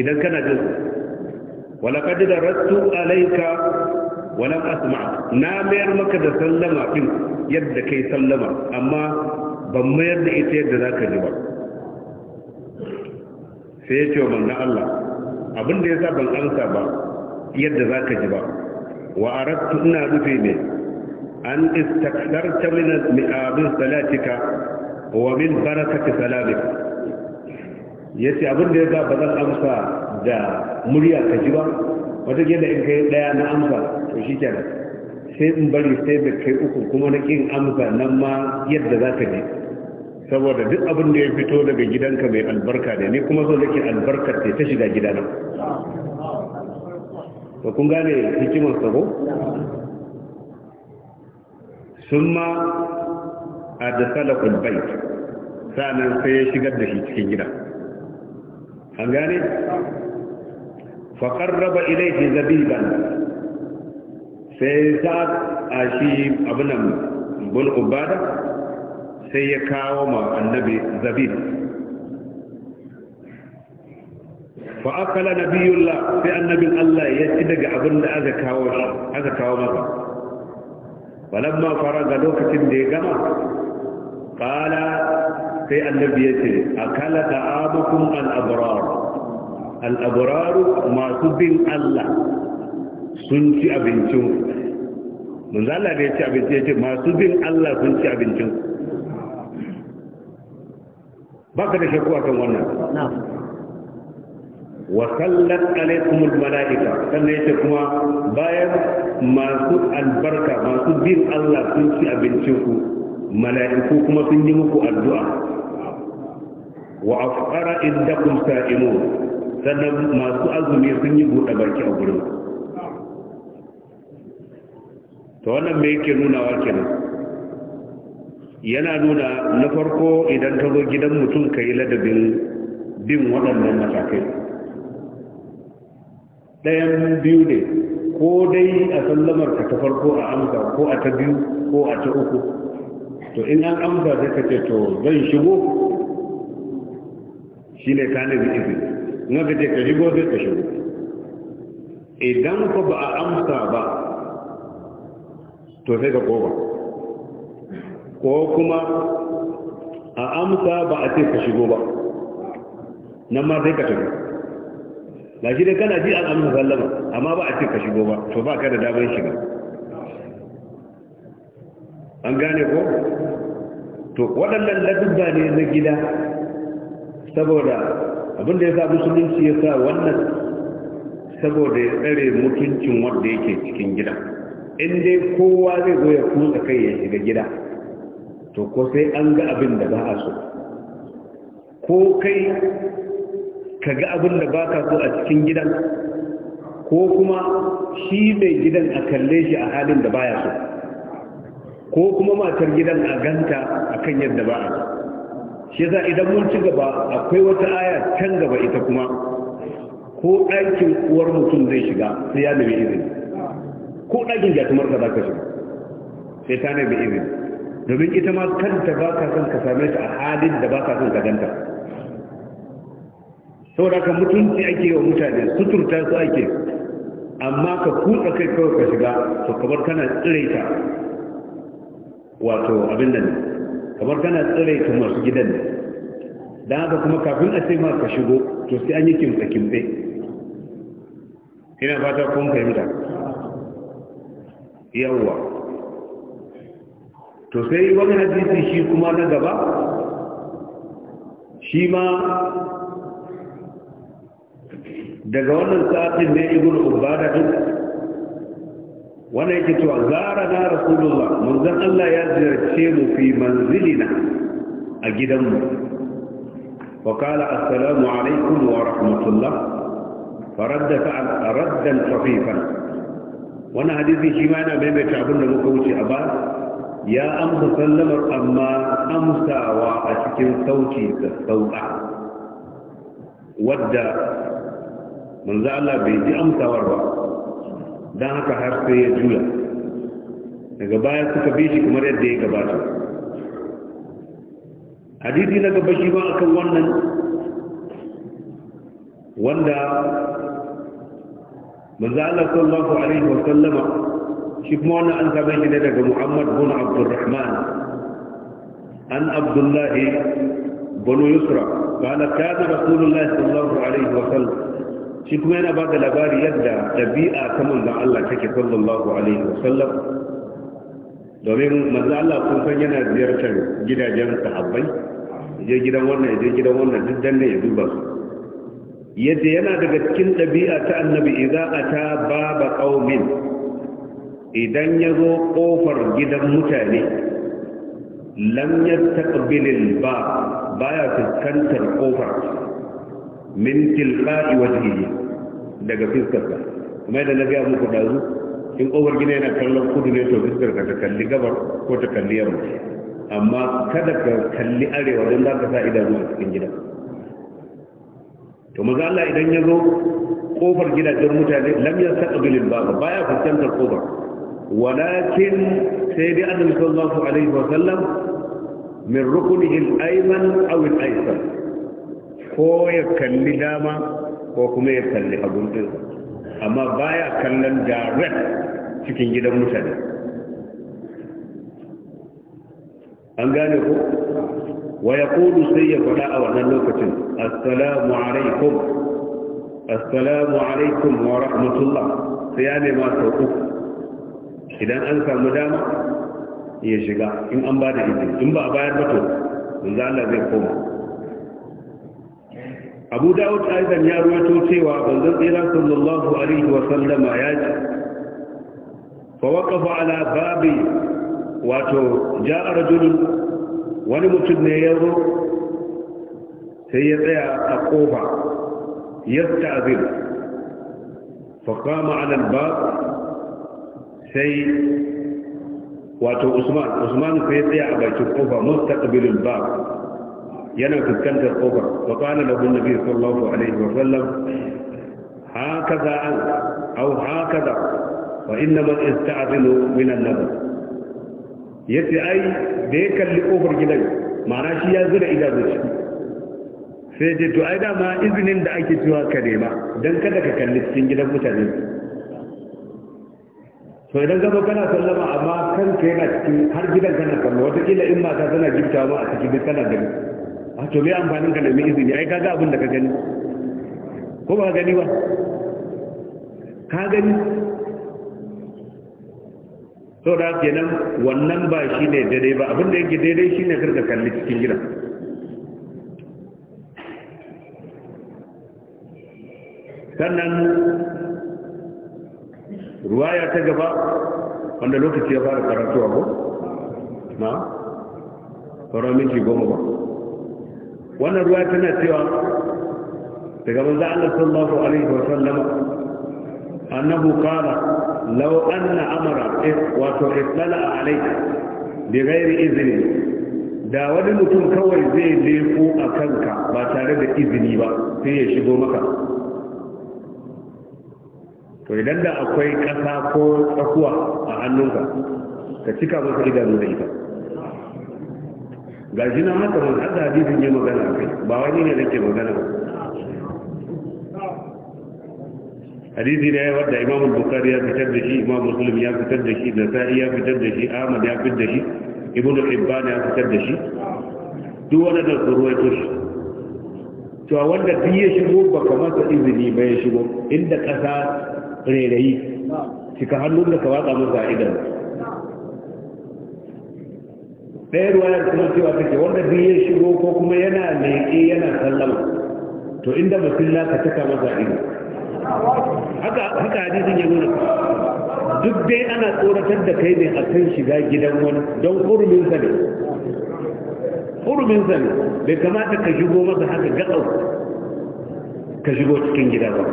A: idan kana jin wala qad darattu alayka wa lam asma na mayar maka da sallama din yadda kai sallama amma ban mayar da ita yadda za ka ji ba
B: sai ya ce wa manzon Allah abinda
A: ya sa ban amsa ba yadda za ka ji ba wa a aradtu ina rufe ne an istaktarta min abin salatika wa min barakati salamika ya ce abin da ya sa ba zan amsa da murya ka ji ba wata gida in kai daya na amsa to shi kyana sai in bari sai da kai uku kuma na kin amsa nan ma yadda za ka ji saboda duk abin da ya fito daga gidanka mai albarka ne ni kuma so nake albarkar ta shiga gidana to kun gane hikimar sabo sun ma a da salakul bai sai ya shigar da shi cikin gida فهمتني فقرب اليه زبيبا سيذاب اشيب ابن بن عباده سيكاوم النبي زبيب فأقل نبي الله في النبي الله يتدق ابن هذا كاو هذا كاو ولما فرغ لوكتين ديغا قال sai annabi ya ce akala ta'abukum al-abrar al-abrar masu bin Allah sun ci abincin mun Allah da ya abinci ya ce masu bin Allah sun ci abincin baka da shakku akan wannan wa sallat alaikum almalaika sannan yace kuma bayan masu albarka masu bin Allah sun ci abincin ku mala'iku kuma sun yi muku addu'a wa afqara indakum Sa'imu sannan masu azumi sun yi buɗe baki a gurin to wannan me yake nunawa kenan yana nuna na farko idan ka zo gidan mutum ka yi ladabin bin waɗannan matakai ɗayan biyu ne ko dai a sallamar ka ta farko a amsa ko a ta biyu ko a ta uku to in an amsa sai ka ce to zan shigo shi ne ka zai izini in ka ce ka shigo zai ka shigo idan ka ba a amsa ba
B: to sai ka koba ko kuma a amsa ba a ce ka shigo ba
A: nan ma sai ka shigo ba shi dai kana ji an amsa sallama amma ba a ce ka shigo ba to ba ka da damar shiga an gane ko to waɗannan ladubba ne na gida saboda abinda ya sa musulunci ya sa wannan saboda ya tsare mutuncin wanda yake cikin gida in dai kowa zai zo ya kusa kai ya shiga gida to ko sai an ga abin da ba a so ko kai ka ga abin da ba ka so a cikin gidan ko kuma shi mai gidan a kalle shi a halin da baya so ko kuma matar gidan a ganta akan yadda ba a shi yasa idan mun ci gaba akwai wata aya can gaba ita kuma ko ɗakin uwar mutum zai shiga sai ya nemi izini ko ɗakin jatumar za ka shiga sai ta nemi izini domin ita ma kanta ba ka son ka same ta a halin da ba ka son ka ganta saboda ka mutunci ake wa mutane suturta su ake amma ka kutsa kai kawai ka shiga to kamar kana ta. wato abin nan kamar kana tsare ta masu gidan ne don haka kuma kafin a sai ma ka shigo to sai an yi kimsa, kimtse ina fata kun fahimta yawwa to sai wani hadisi shi kuma na gaba shi ma daga wannan tsafin ne igun ubada duk wannan yake cewa zara na rasulullah manzon Allah ya ziyarce mu fi manzilina a gidanmu wa qala assalamu alaikum wa rahmatullah faradda fa'al raddan khafifan wannan hadisi shi ma yana maimaita abin da muka wuce a ba ya amsa sallamar amma amsawa a cikin sauci da sauka wadda manzo Allah bai ji amsawar ba don haka har sai ya jula daga baya suka bi shi kamar yadda ya gabata hadisi na gaba shi ba akan wannan wanda manzala sallallahu alaihi wa sallama shi kuma wannan an same shi ne daga Muhammad bin Abdurrahman an abdullahi bin Yusra قال كان رسول الله صلى الله عليه وسلم shi kuma yana ba da labari yadda ɗabi'a ta manzan Allah take sallallahu alaihi wa sallam? domin manzan Allah kun san yana ziyartar gidajen sahabbai je gidan wannan je gidan wannan duk ne ya duba su yadda yana daga cikin ɗabi'a ta annabi idza ata baba qaumin idan ya zo kofar gidan mutane lam yastaqbilil ba baya fuskantar kofar min tilqa'i wajhihi daga fiskarsa Mai da na ga muku ɗazu, in ƙofar gida yana kallon kudu ne to fiskar ka ta kalli gabar ko ta kalli yamma amma kada ka kalli arewa don za ka sa idanu a cikin gida to maza Allah idan ya zo kofar gidajen mutane lam ya saqabilin baba baya fuskantar kofar walakin sai dai annabi sallallahu alaihi wa sallam min rukunihi al-ayman aw al-aysar ko ya kalli dama ko kuma ya kalli abun ɗinsa amma baya kallon direct cikin gidan mutane an gane ko wa ya kudu sai ya faɗa a wannan lokacin assalamu alaikum assalamu alaikum wa rahmatullah sai ya nema sau uku idan an samu dama ya shiga in an ba da izini in ba a bayar mato to manzo Allah zai koma abu dawud aidan ya ruwato cewa banzan tsira sallallahu alaihi wa sallama ya ce fa waqafa ala babi wato ja'a rajulun wani mutum ne ya zo sai ya tsaya a kofa yasta'zin fa qama ala bab sai wato usman usman sai ya tsaya a bakin kofa mustaqbilul bab yana fuskantar kofar wa qala lahu nabi sallallahu alaihi wa sallam hakaza an aw hakaza wa inna man ista'dinu min an-nabi yace ai da ya kalli kofar gidan ma'ana shi ya zura idanu shi sai je to ai dama izinin da ake cewa ka nema dan kada ka kalli cikin gidan mutane to idan gaba kana sallama amma kanka yana cikin har gidan kana kallo wataƙila in mata tana gifta a cikin kana gani a to bai amfanin ka mai izini ai kaga abin da ka gani ko ba gani ba ka gani To da kenan wannan ba shi ne daidai ba abin da yake daidai shi ne karka kalli cikin gida sannan ya ta gaba wanda lokaci ya fara karatuwa ko na? ƙwararminci goma ba wannan ruwa tana cewa daga manzo Allah sallallahu alaihi wa sallam annahu qala law anna amara eh, wato ittala alayka bi ghairi izni da wani mutum kawai zai lefo a kanka ba tare da izini ba sai ya shigo maka to idan da akwai ƙasa ko tsakuwa a hannunka ka cika masa idanu da ita ga shi na haka man hada hadisin yi magana kai ba wani ne ke magana
B: ba
A: hadisi ne wadda imam bukari ya fitar da shi imam muslim ya fitar da shi da sa'i ya fitar da shi ahmad ya fitar da shi ibnu hibban ya fitar da shi duk wani da ruwaito shi to wanda duk ya shigo ba kamata izini ba ya shigo inda kasa rairayi cika hannun da ka watsa masa idan ɗaya ruwayar kuma cewa take wanda duk ya shigo ko kuma yana leƙe yana sallama to inda mutum ka cika masa ido
B: haka haka hadisin ya nuna duk dai ana tsoratar
A: da kai ne akan shiga gidan wani don hurumin sa ne hurumin sa ne bai kamata ka shigo masa haka gaɗau ka shigo cikin gida ba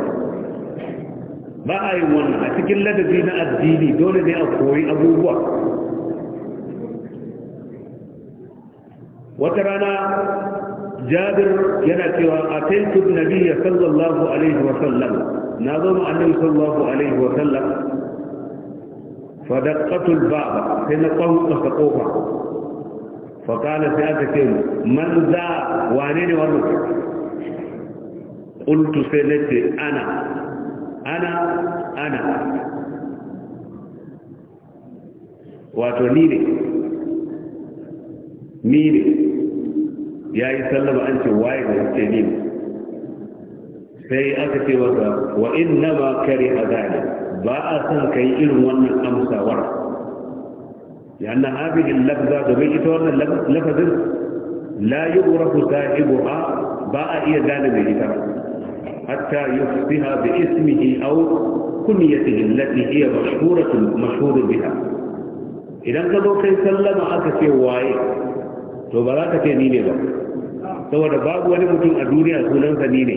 A: ba a yi wani a cikin ladabi na addini dole ne a koyi abubuwa wata rana jabir yana cewa a taitub nabiya sallallahu alaihi wa sallam na zo ma annabi sallallahu alaihi wa sallam fa daqqatul baba sai na kwanka ka kofa fa kana sai aka ce man za wane ne wannan qultu sai ce ana ana ana wato ni ne ni ne ya yi sallama an ce waye da suke ni sai aka ce masa wa inna ma kare a zane ba a son ka yi irin wannan amsawar ya na abin lafza domin ita wannan lafazin la yi urafu sa'ibuha ba a iya gane mai ita hatta yusbiha bi ismihi aw kunyatihi allati hiya mashhuratun mashhurun biha idan ka zo kai sallama aka ce waye to ba za ka ce ni ne ba saboda babu wani mutum a duniya sunansa ni ne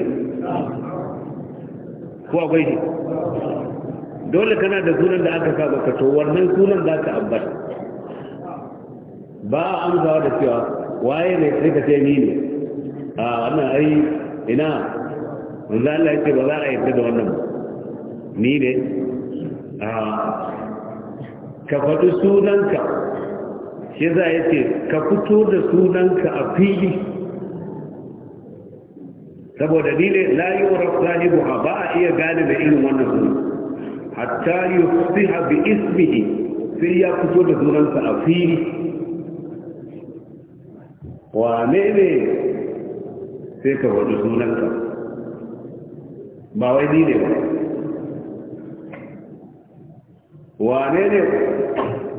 A: ko akwai shi dole kana da sunan da aka saba ka to wannan sunan za ka ambata ba a amsawa da cewa waye ne sai ka ce ni ne a wannan ai ina wanda Allah ya ce ba za a yarda da wannan ni ne a ka faɗi sunanka shi za a ce ka fito da sunanka a fili saboda ni ne layi urafsani buha ba a iya gane da irin wannan suna hatta yi fi haɓi ismihi sai ya fito da sunanka a fili wane ne sai ka wadu sunanka ba wai ni ne ba wane ne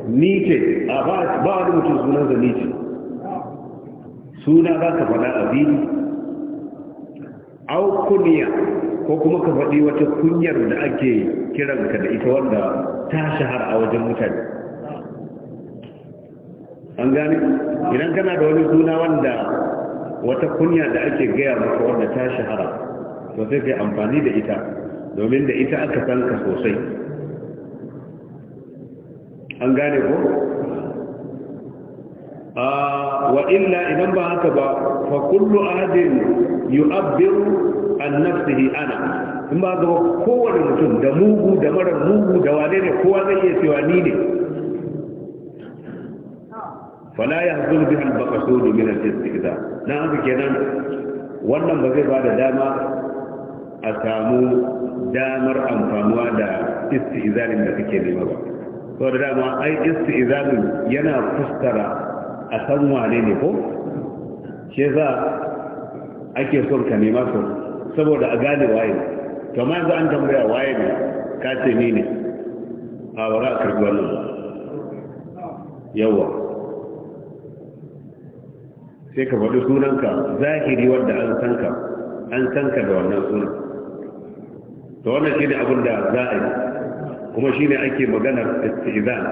A: nice a ba da mutum sunan da nice suna za ka faɗa biyu? au kuniya ko kuma ka faɗi wata kunyar da ake kiran ka da ita wanda ta shahara a wajen mutane an gane idan kana da wani suna wanda wata kunya da ake gaya maka wanda ta shahara to sai ka amfani da ita domin da ita aka san ka sosai an gane ko ah, wa illa idan ba haka ba fa kullu ahadin yu'abbiru an nafsihi ana in ba ga kowane mutum da mugu da mara mugu da wane ne kowa zai iya cewa ni ne fala yahzun biha al-baqasud min al-istihza na haka kenan wannan ba zai ba da dama a samu damar amfanuwa da istihzarin da kake nema ba sau da dama ai isti'izalin yana fuskara a san wane ne ko shi za ake son ka nema su saboda a gane waye to ma yanzu an tambaya waye ne ka ce ni ne a wara a karbi wannan yawa sai ka faɗi sunanka zahiri wanda an san ka an san ka da wannan sunan to wannan shi ne abin da za a yi kuma shine ake maganar istizan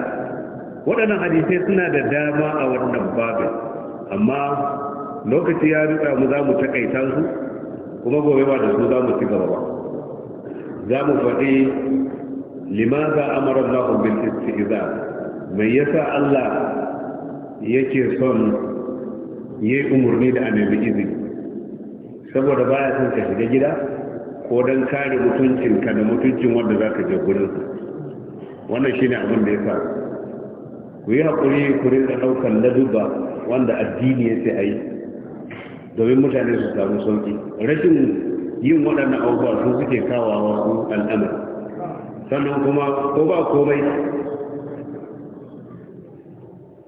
A: waɗannan hadisai suna da dama a wannan babin amma lokaci ya rika mu za mu takaita su kuma gobe ba da su zamu mu ci gaba ba za mu faɗi limaza amara Allah bil istizan mai yasa Allah yake son yayi umarni da annabi izini saboda baya son ka shiga gida ko don kare mutuncinka da mutuncin wanda za ka je gurinsa wannan shi ne abin da ya faru ku yi haƙuri ku rinka ɗaukar laduba wanda addini ya ce a yi domin mutane su samu sauƙi rashin yin waɗannan abubuwa sun suke kawo wasu al'amar sannan kuma ko ba komai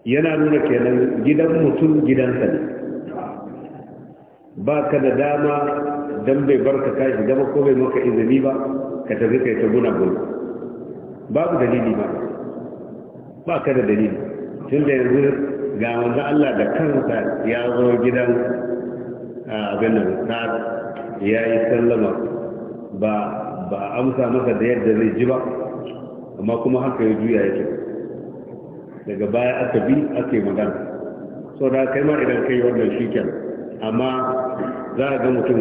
A: yana nuna kenan gidan mutum gidansa ne ba ka da dama don bai barka ka gaba dafa ko bai maka izini ba ka tafi kai ta guna gudu babu dalili ba ba ka da dalili tun da yanzu ga Allah da kansa ya zo gidan abin nan ta ya yi sallama ba ba amsa masa da yadda zai ji ba amma kuma haka ya juya yake daga baya aka bi aka yi magana so da kai ma idan kai wannan shi amma za a ga mutum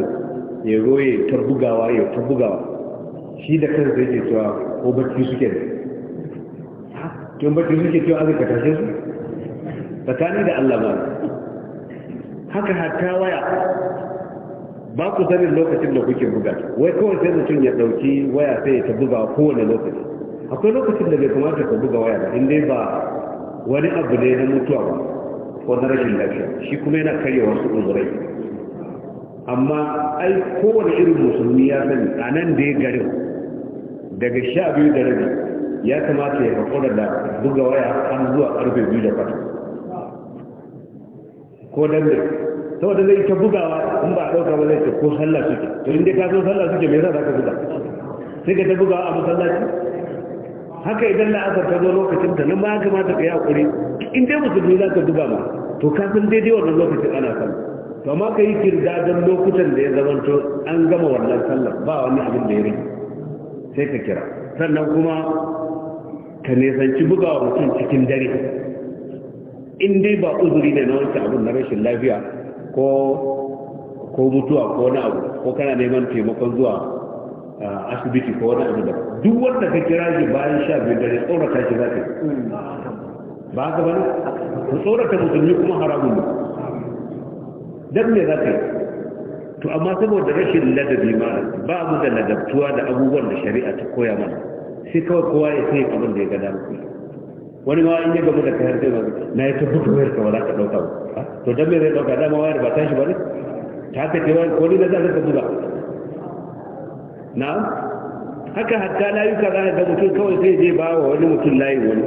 A: ya roye ta bugawa ya ta bugawa shi da kan zai ke cewa ko bacci suke da tun bacci suke cewa azurka tashe su tsakani da allah ba haka hatta waya ba ku sanin lokacin da kuke buga wai kawai sai mutum ya ɗauki waya sai ya ta buga kowane lokaci akwai lokacin da bai kamata ka buga waya ba in dai ba wani abu ne na mutuwa ba ko na rashin lafiya shi kuma yana karya su uzurai amma ai kowane irin musulmi ya sani a nan da ya garin daga sha biyu da rabi ya kamata ya haƙura da buga waya har zuwa ƙarfe biyu da fata ko dan da saboda zai ta bugawa in ba a ɗauka ba zai ta ko sallah suke to inda ka so sallah suke me yasa za ka buga sai ka ta bugawa a masallaci haka idan asar ta zo lokacin ta nan ba ya kamata ka yi haƙuri in dai musulmi za ka buga ma to kafin daidai wannan lokacin ana sallah to amma ka yi kirdadan lokutan da ya zamanto an gama wannan sallar ba wani abin da ya rage sai ka kira sannan kuma ka nesanci wa mutum cikin dare in dai ba uzuri ne na wancan abin na rashin lafiya ko ko mutuwa ko wani abu ko kana neman taimakon zuwa ah, asibiti ko wani abu da duk wanda ka kira shi bayan sha biyu dare tsorata shi za ka hmm. ba ka bane ne tsorata musulmi kuma haramun ne dan me zaka yi to amma saboda rashin ladabi ma ba mu da ladabtuwa da abubuwan da shari'a ta koya mana sai kawai kowa ya sai abin da ya gada dama wani ma in ya gaba da kayar zai mazu na ya tafi ta wayar kawai ka ɗauka ba to dan me zai ɗauka dama wayar ba tashi ba ne ta haka ce wayar koli na za ka buga Na haka hatta layuka za ka ga mutum kawai sai je ba wa wani mutum layi wani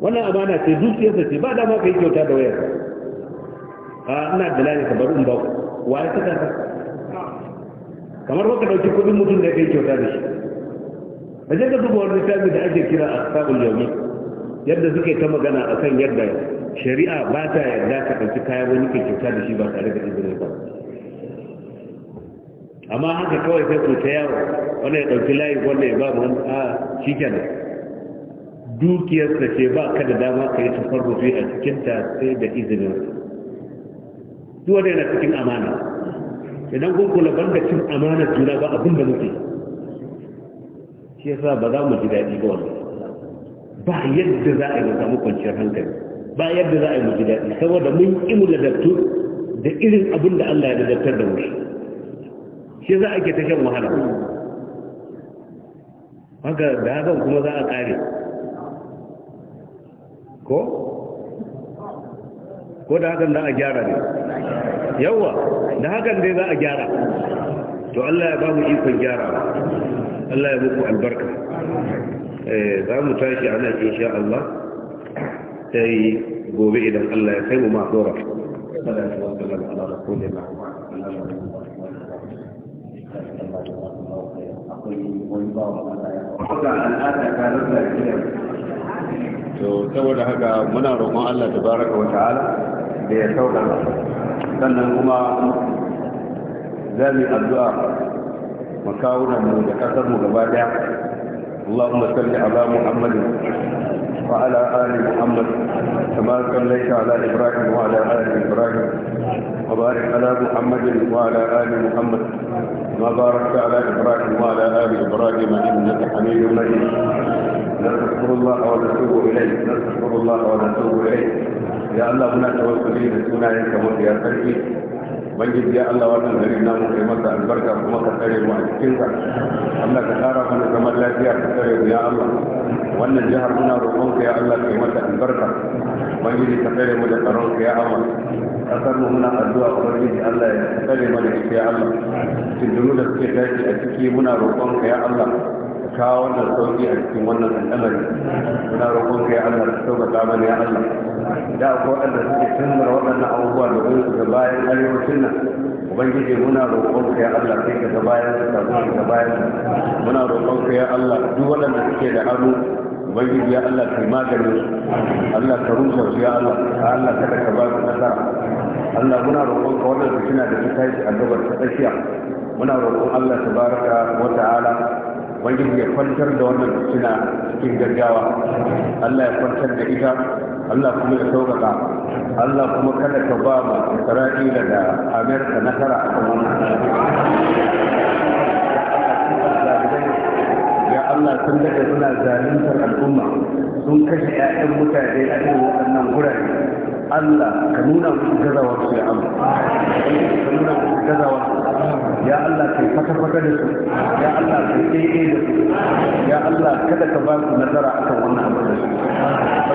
A: wannan amana ce zuciyarsa ce ba dama ka yi kyauta da wayar a ina da lani ka bari in ba ku waye ka ta kamar baka dauki kudin mutum ne kai kyauta da shi a jirga duba wani littafi da ake kira a sabon yaumi yadda suke ta magana a kan yadda shari'a ba ta yarda ka ɗauki kayan wani ke kyauta da shi ba tare da izinin ba amma haka kawai sai ku ta yawo wanda ya ɗauki layi wanda ya ba mu a cikin dukiyarsa ce ba ka da dama ka yi tafarrufi a cikinta sai da izinin duk wanda yana cikin amana idan kun kula banda cin amana juna ba abin da muke shi yasa ba za mu ji daɗi ba wannan ba yadda za a yi samu kwanciyar hankali ba yadda za a yi mu ji daɗi saboda mun ƙi mu ladattu da irin abin da Allah ya ladattar da mu shi za a ke ta shan wahala haka da hakan kuma za a kare ko ko da hakan da a gyara ne yawa da hakan dai za a gyara to Allah ya ba mu ikon gyara Allah ya muku albarka za mu tashi a nan insha Allah sai gobe idan Allah ya kai mu ma dora
B: sallallahu alaihi wa sallam ala rasulillah akwai wani bawa Allah ya kwata al'ada ka rasa to saboda haka muna roƙon Allah ta baraka wa ta'ala
A: da ya sauka sannan kuma za mu addu'a mu kawo mu da kasar mu gaba daya Allahumma salli ala Muhammadin وعلى آل محمد كما صليت على إبراهيم وعلى آل إبراهيم وبارك على محمد وعلى آل محمد ما باركت على إبراهيم وعلى آل إبراهيم إنك حميد مجيد نستغفر الله ونتوب إليه نستغفر الله ونتوب إليه يا الله هنا توكلين سنة يا كمود يا سيدي ubangiji ya Allah wannan gari na mu kai masa albarka kuma ka tsare mu a cikin ka Allah ka tsara mana zaman lafiya ka tsare mu ya Allah wannan jihar muna roƙon ka ya Allah kai mata albarka ubangiji ka tsare mu da tsaron ka ya Allah kasar mu muna addu'a ubangiji Allah ya tsare mu da ita ya Allah tindunu da suke tashi a ciki muna roƙon ka ya Allah kawo wannan sauki a cikin wannan al'amari muna roƙon kai Allah ka sauƙaƙa mana ya Allah da akwai wanda suke tunzura waɗannan abubuwa da gudu ga bayan arewacin nan ubangiji muna roƙon kai Allah sai ka ga bayan ka kafin ka bayan muna roƙon kai Allah duk waɗanda suke da hannu ubangiji ya Allah kai maganin su Allah ka rusa su ya Allah ka Allah kada ka ba su nasara Allah muna roƙon ka wannan fitina da ta tashi a gabar ta tsakiya muna roƙon Allah tabaraka wa ta'ala ubangiji ya kwantar da wannan fitina cikin gaggawa Allah ya kwantar da ita Allah kuma ya sauƙaƙa Allah kuma kada ka ba ma Isra'ila da Amerika nasara a kan wannan Allah sun daga suna zaluntar al'umma sun kashe 'ya'yan mutane a cikin waɗannan gurare Allah ka nuna musu gazawar su ya Allah ka nuna musu gazawar su ya Allah kai faka faka da su ya Allah kai daidai da su ya Allah kada ka ba su nasara akan wannan abu da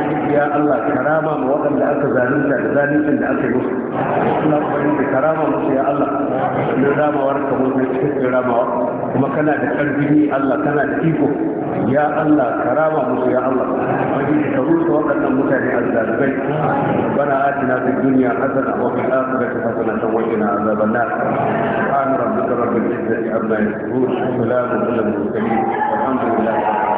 A: su ya Allah karama ma waɗanda aka zalunta da zaluncin da aka yi musu suna ubangiji karama musu ya Allah da ramawar ka musu cikin ramawa kuma kana da ƙarfin yi Allah kana da iko ya Allah karama musu ya Allah ka rusa waɗannan mutane a azzalibai bana atina fid dunya hasana wa fil akhirati hasana wa qina azaban nar subhana rabbika rabbil izzati amma yasifun wa salamun alal mursalin walhamdulillahi rabbil alamin